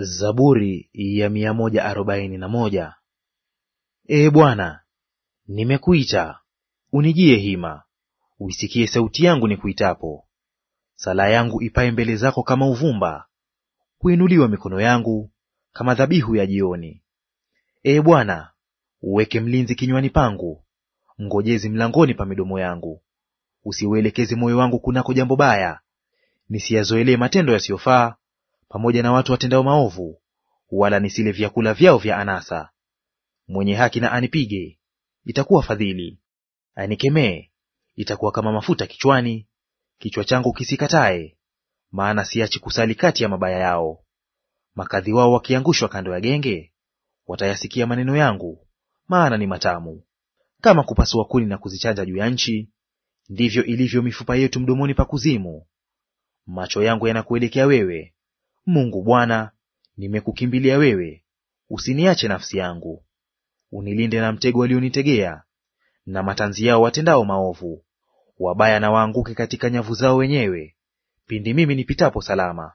Zaburi ya mia moja arobaini na moja. Ee Bwana, nimekuita, unijie hima, uisikie sauti yangu nikuitapo. Sala yangu ipae mbele zako kama uvumba, kuinuliwa mikono yangu kama dhabihu ya jioni. Ee Bwana, uweke mlinzi kinywani pangu, ngojezi mlangoni pa midomo yangu. Usiuelekeze moyo wangu kunako jambo baya, nisiyazoelee matendo yasiyofaa pamoja na watu watendao maovu, wala nisile vyakula vyao vya anasa. Mwenye haki na anipige, itakuwa fadhili; anikemee, itakuwa kama mafuta kichwani, kichwa changu kisikatae, maana siachi kusali kati ya mabaya yao. Makadhi wao wakiangushwa kando ya genge, watayasikia maneno yangu, maana ni matamu. Kama kupasua kuni na kuzichanja juu ya nchi, ndivyo ilivyo mifupa yetu mdomoni pa kuzimu. Macho yangu yanakuelekea wewe, Mungu Bwana, nimekukimbilia wewe, usiniache nafsi yangu. Unilinde na mtego walionitegea, na matanzi yao watendao maovu. Wabaya na waanguke katika nyavu zao wenyewe, pindi mimi nipitapo salama.